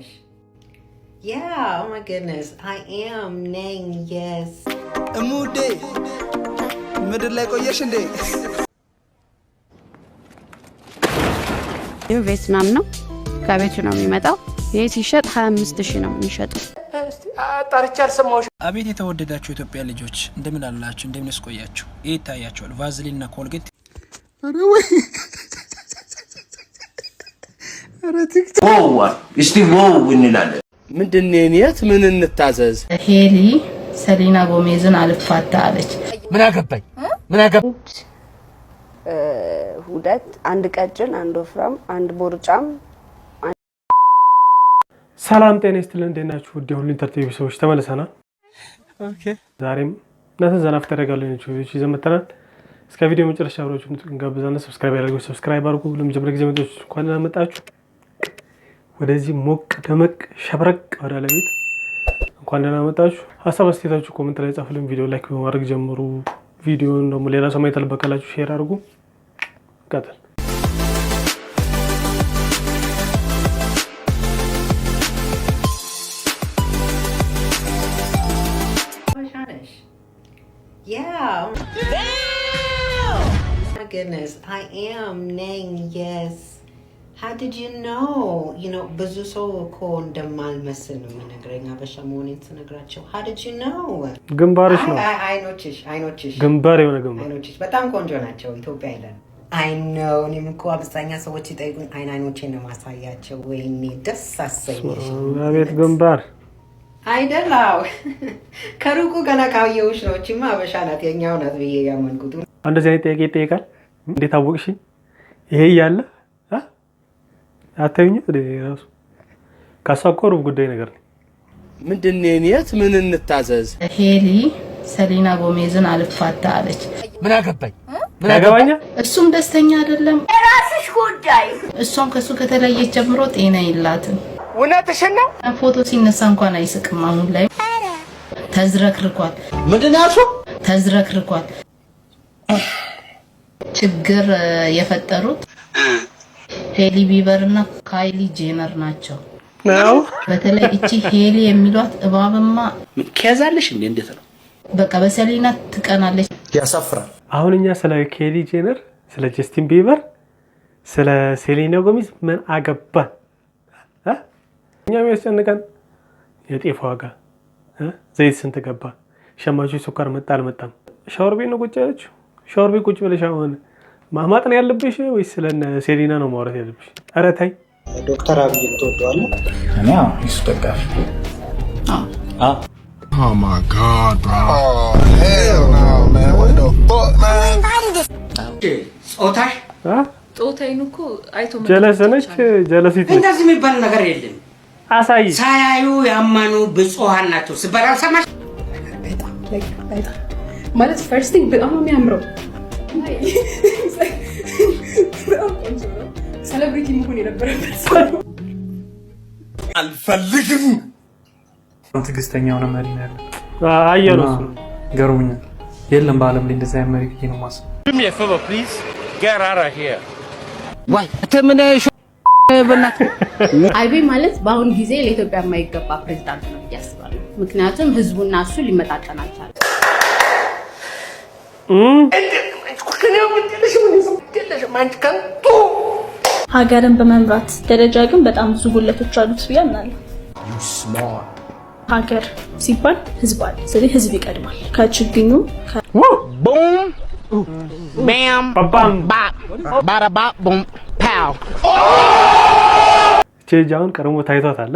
Spanish. Yeah, oh my goodness. I am nang yes. Amude. ምድር ላይ ቆየሽ እንዴ? ይህ ቬትናም ነው። ከቤቱ ነው የሚመጣው። ይህ ሲሸጥ 25 ሺህ ነው የሚሸጠው። አጣርቼ አልሰማሁሽ። አቤት የተወደዳችሁ ኢትዮጵያ ልጆች እንደምን አላችሁ? እንደምን ስቆያችሁ? ይህ ይታያችኋል ቫዝሊንና ኮልጌት እስቲ ሞው እንላለን። ምንድን የት ምን እንታዘዝ? ሄሊ ሰሊና ጎሜዝን አልፋታ አለች። ምን አገባኝ ምን አገባኝ። ሁለት አንድ ቀጭን አንድ ወፍራም አንድ ቦርጫም ሰላም ጤና ይስጥልን። እንዴት ናችሁ? ውድ የሁሉ ኢንተርቴቪ ሰዎች ተመልሰናል። ዛሬም እናትን ዘና ፈታ ያደርጋለች ይዘን መጥተናል። እስከ ቪዲዮ መጨረሻ አብራችሁን እንጋብዛለን። ሰብስክራይብ ያደርገው ሰብስክራይብ አድርጉ። ለመጀመሪያ ጊዜ መጣችሁ እንኳን መጣችሁ ወደዚህ ሞቅ ደመቅ ሸብረቅ ወደ ለቤት እንኳን ደህና መጣችሁ። ሀሳብ አስተያየታችሁ ኮመንት ላይ ጻፉልን። ቪዲዮ ላይክ በማድረግ ጀምሩ። ቪዲዮን ደግሞ ሌላ ሰማይ ማየት ሼር አድርጉ። ቀጥል oh goodness, I am Nang, yes. how did you know you know ብዙ ሰው እኮ እንደማልመስል ነው የሚነግረኝ አበሻ መሆኔን ስነግራቸው how did you know ግንባርሽ ነው አይኖችሽ አይኖችሽ ግንባር የሆነ ግንባር አይኖችሽ በጣም ቆንጆ ናቸው ኢትዮጵያ ይላል አይ ነው እኔም እኮ አብዛኛ ሰዎች ይጠይቁኝ አይን አይኖቼን ነው ማሳያቸው ወይኔ ደስ አሰኘሽ አቤት ግንባር አይደላው ከሩቁ ገና ካየሁሽ ነው እቺማ አበሻ ናት የኛው ናት ብዬ ያመንኩት እንደዚህ አይነት ጥያቄ ይጠይቃል እንዴት አወቅሽ ይሄ እያለ አታዩኝ ራሱ ሩብ ጉዳይ ነገር ነው። ምንድን ምን እንታዘዝ? ሄሊ ሰሊና ጎሜዝን አልፋታ አለች። ምን አገባኝ ምን አገባኛ? እሱም ደስተኛ አይደለም። የራስሽ ጉዳይ። እሷም ከተለየች ጀምሮ ጤና የላትም። እውነትሽን ነው። ፎቶ ሲነሳ እንኳን አይስቅም። አሁን ላይ ተዝረክርኳል። ምንድን ተዝረክርኳል። ችግር የፈጠሩት ሄሊ ቢበር እና ካይሊ ጄነር ናቸው። ነው በተለይ እቺ ሄሊ የሚሏት እባብማ ከያዛለሽ እንዴ እንዴት ነው በቃ በሰሊና ትቀናለች። ያሳፍራል። አሁን እኛ ስለ ኬሊ ጄነር፣ ስለ ጀስቲን ቢበር፣ ስለ ሴሊና ጎሚዝ ምን አገባን? እኛ የሚያስጨንቀን የጤፍ ዋጋ ዘይት ስንት ገባ፣ ሸማቾች ስኳር መጣ አልመጣም። ሻወር ቤት ነው ቁጭ ያለችው። ሻወር ቤት ቁጭ ብለሽ አሁን ማማጥ ነው ያለብሽ ወይስ ስለ ሴሊና ነው ማውራት ያለብሽ? ኧረ ተይ። ዶክተር አብይ ትወደዋለህ? እኔ እሱ ደጋፊ ጾታሽ ጾታዬን እኮ አይቶ ጀለስ ነች። ጀለሲት እንደዚህ የሚባል ነገር የለም። አሳይ ሳያዩ ያመኑ ብፁሃን ናቸው ስባል አልሰማሽ ማለት ፈርስቲንግ በጣም ነው የሚያምረው ሴሌብሪቲ መሆን የነበረበት ሰው ነው። ትዕግስተኛ የሆነ መሪ ነው ያለው። አየህ ገርሞኛል። የለም በዓለም ላይ እንደዚያ መሪ ብዬ ነው የማስበው። አይቤ ማለት በአሁኑ ጊዜ ለኢትዮጵያ የማይገባ ፕሬዚዳንት ነው ብዬ አስባለሁ። ምክንያቱም ህዝቡና እሱ ሊመጣጠን አልቻለም። ከንቱ ሀገርን በመምራት ደረጃ ግን በጣም ብዙ ጉለቶች አሉት ብዬ አምናለሁ። ሀገር ሲባል ህዝብ አለ። ስለዚህ ህዝብ ይቀድማል። ከችግኙ ቼጅ አሁን ቀድሞ ታይቷት አለ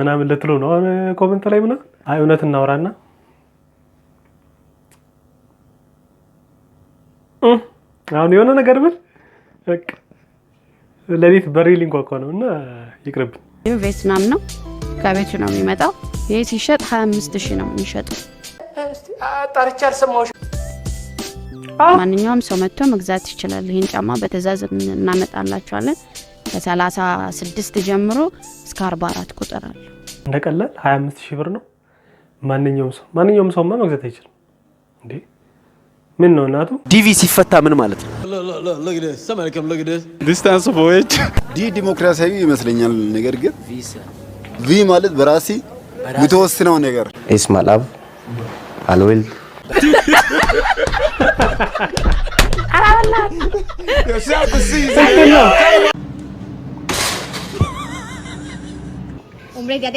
ምናምን ልትሉ ነው ኮመንት ላይ ምና አይ እውነት እናውራና አሁን የሆነ ነገር ብል ለቤት በሬ ሊንኳኳ ነው እና ይቅርብን። ቬትናም ነው፣ ከቤቱ ነው የሚመጣው። ይህ ሲሸጥ 25 ሺህ ነው የሚሸጡ። አጣርቼ አልሰማሁሽ። ማንኛውም ሰው መጥቶ መግዛት ይችላል። ይህን ጫማ በትዕዛዝ እናመጣላቸዋለን። ከ36 ጀምሮ እስከ 44 ቁጥር አለ። እንደቀላል 25 ሺህ ብር ነው። ማንኛውም ሰው ማንኛውም ሰውማ መግዛት አይችልም እንዴ ምን ነው እናቱ ዲቪ ሲፈታ ምን ማለት ነው? ዲስታንስ ቦይች ዲ ዲሞክራሲያዊ ይመስለኛል። ነገር ግን ቪ ማለት በራሲ የተወሰነው ነገር ኤስ ማላብ አልወል ኡምሬ ጋዴ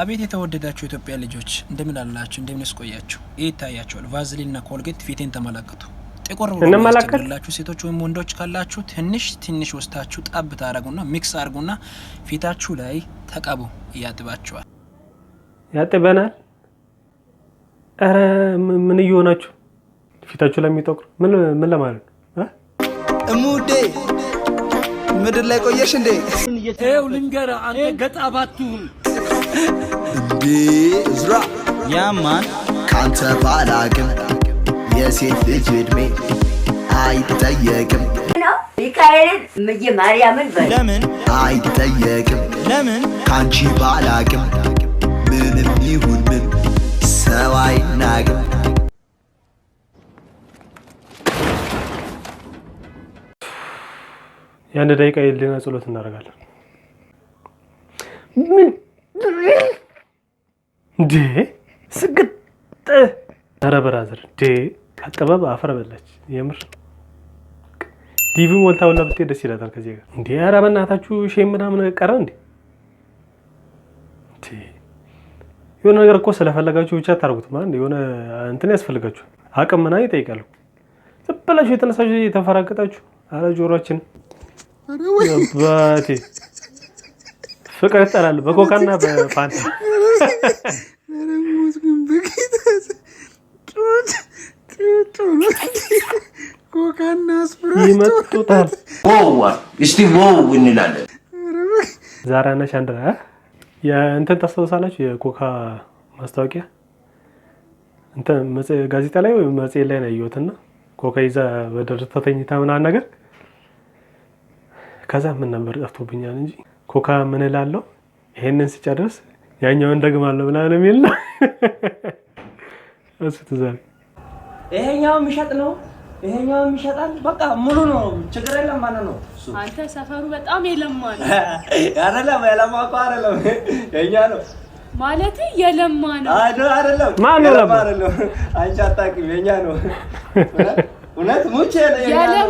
አቤት የተወደዳችሁ ኢትዮጵያ ልጆች እንደምን አላችሁ? እንደምን ይታያቸዋል ይህ ይታያችኋል። ቫዝሊንና ኮልጌት ፊቴን ተመለከቱ። ጥቁር ብሎላችሁ ሴቶች ወይም ወንዶች ካላችሁ ትንሽ ትንሽ ወስታችሁ ጣብ ታረጉና ሚክስ አርጉና ፊታችሁ ላይ ተቀቡ። እያጥባችኋል። ያጥበናል። ኧረ ምን እየሆናችሁ ፊታችሁ ላይ የሚጠቁር ምን ለማለት ነው ሙዴ ምድር ላይ ቆየሽ እንዴ? ይኸው ልንገርህ፣ አንተ ገጣባቱን ባትሁን እንዴ እዝራ ያማን ካንተ ባላቅም የሴት ልጅ እድሜ አይጠየቅም። ሚካኤልን ምዬ ማርያምን ለምን አይጠየቅም? ለምን ካንቺ ባላቅም ምንም ይሁን ምን ሰው አይናቅም። የአንድ ደቂቃ የህሊና ጸሎት እናደርጋለን። ምን እንዴ ስግጥ ኧረ በራዘር እንዴ አጠባብ አፈር በላች። የምር ዲቪ ሞልታ ሁላ ብትሄድ ደስ ይላታል። ከዚህ ጋር እንዴ ኧረ በእናታችሁ ምናምን ቀረ እንዴ የሆነ ነገር እኮ ስለፈለጋችሁ ብቻ ታርጉት ማለት የሆነ እንትን ያስፈልጋችሁ አቅም ምናምን ይጠይቃሉ። ዝም ብላችሁ የተነሳችሁ የተፈራገጣችሁ አረ ጆሮችን አባቴ ፍቅር ይጠላል በኮካና በፋንታ ይመጡታል። እስቲ ዎው እንላለን። ዛራና ሻንድራ የእንትን ታስታውሳላችሁ? የኮካ ማስታወቂያ ጋዜጣ ላይ ወይም መጽሔት ላይ ነው እና ኮካ ይዛ በደረሰ ተኝታ ምናምን ነገር ከዛ ምን ነበር ጠፍቶብኛል እንጂ ኮካ ምን እላለሁ ይሄንን ስጨርስ ያኛውን ደግማለሁ ምናምን የሚል ነው እሱ ትዛል። ይሄኛውም ይሸጥ ነው ይሄኛው የሚሸጣል በቃ ሙሉ ነው፣ ችግር የለም ማለት ነው። አንተ ሰፈሩ በጣም የለማ ነው። አይደለም የለማ እኮ አይደለም፣ የእኛ ነው ማለት የለማ ነው። አይደለም ማነው ለማ አይደለም፣ አንቺ አታውቂም፣ የእኛ ነው እውነት ሙቼ የለማ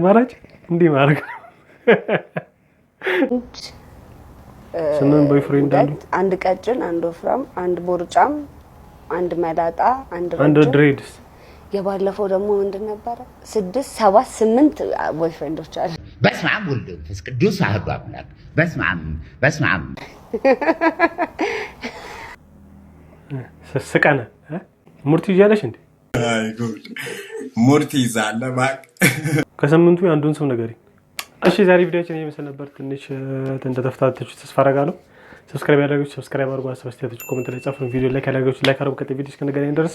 አማራጭ እንዲህ ማድረግ ነው። ስምንት ቦይፍሬንድ አሉ። አንድ ቀጭን፣ አንድ ወፍራም፣ አንድ ቦርጫም፣ አንድ መላጣ፣ አንድ ድሬድስ። የባለፈው ደግሞ ምንድን ነበረ? ስድስት ሰባት ስምንት ቦይፍሬንዶች አሉ። በስመ አብ ወልድ መንፈስ ቅዱስ አህዱ አምላክ። በስመ አብ በስመ አብ ስቀነ ሙርቲ ይዣለሽ እንዴ? ሙርቲ ይዛለ እባክህ ከስምንቱ የአንዱን ሰው ነገር እሺ። ዛሬ ቪዲዮችን የሚመስል ነበር። ትንሽ እንደተፍታተች ተስፋ አደርጋለሁ። ሰብስክራይብ ያደረጋችሁ ሰብስክራይብ አድርጉ። አስተያየታችሁ ኮሜንት ላይ ጻፉ። ቪዲዮ ላይክ ያደረጋችሁ ላይክ አድርጉ። ቀጣይ ቪዲዮ እስክንገናኝ ድረስ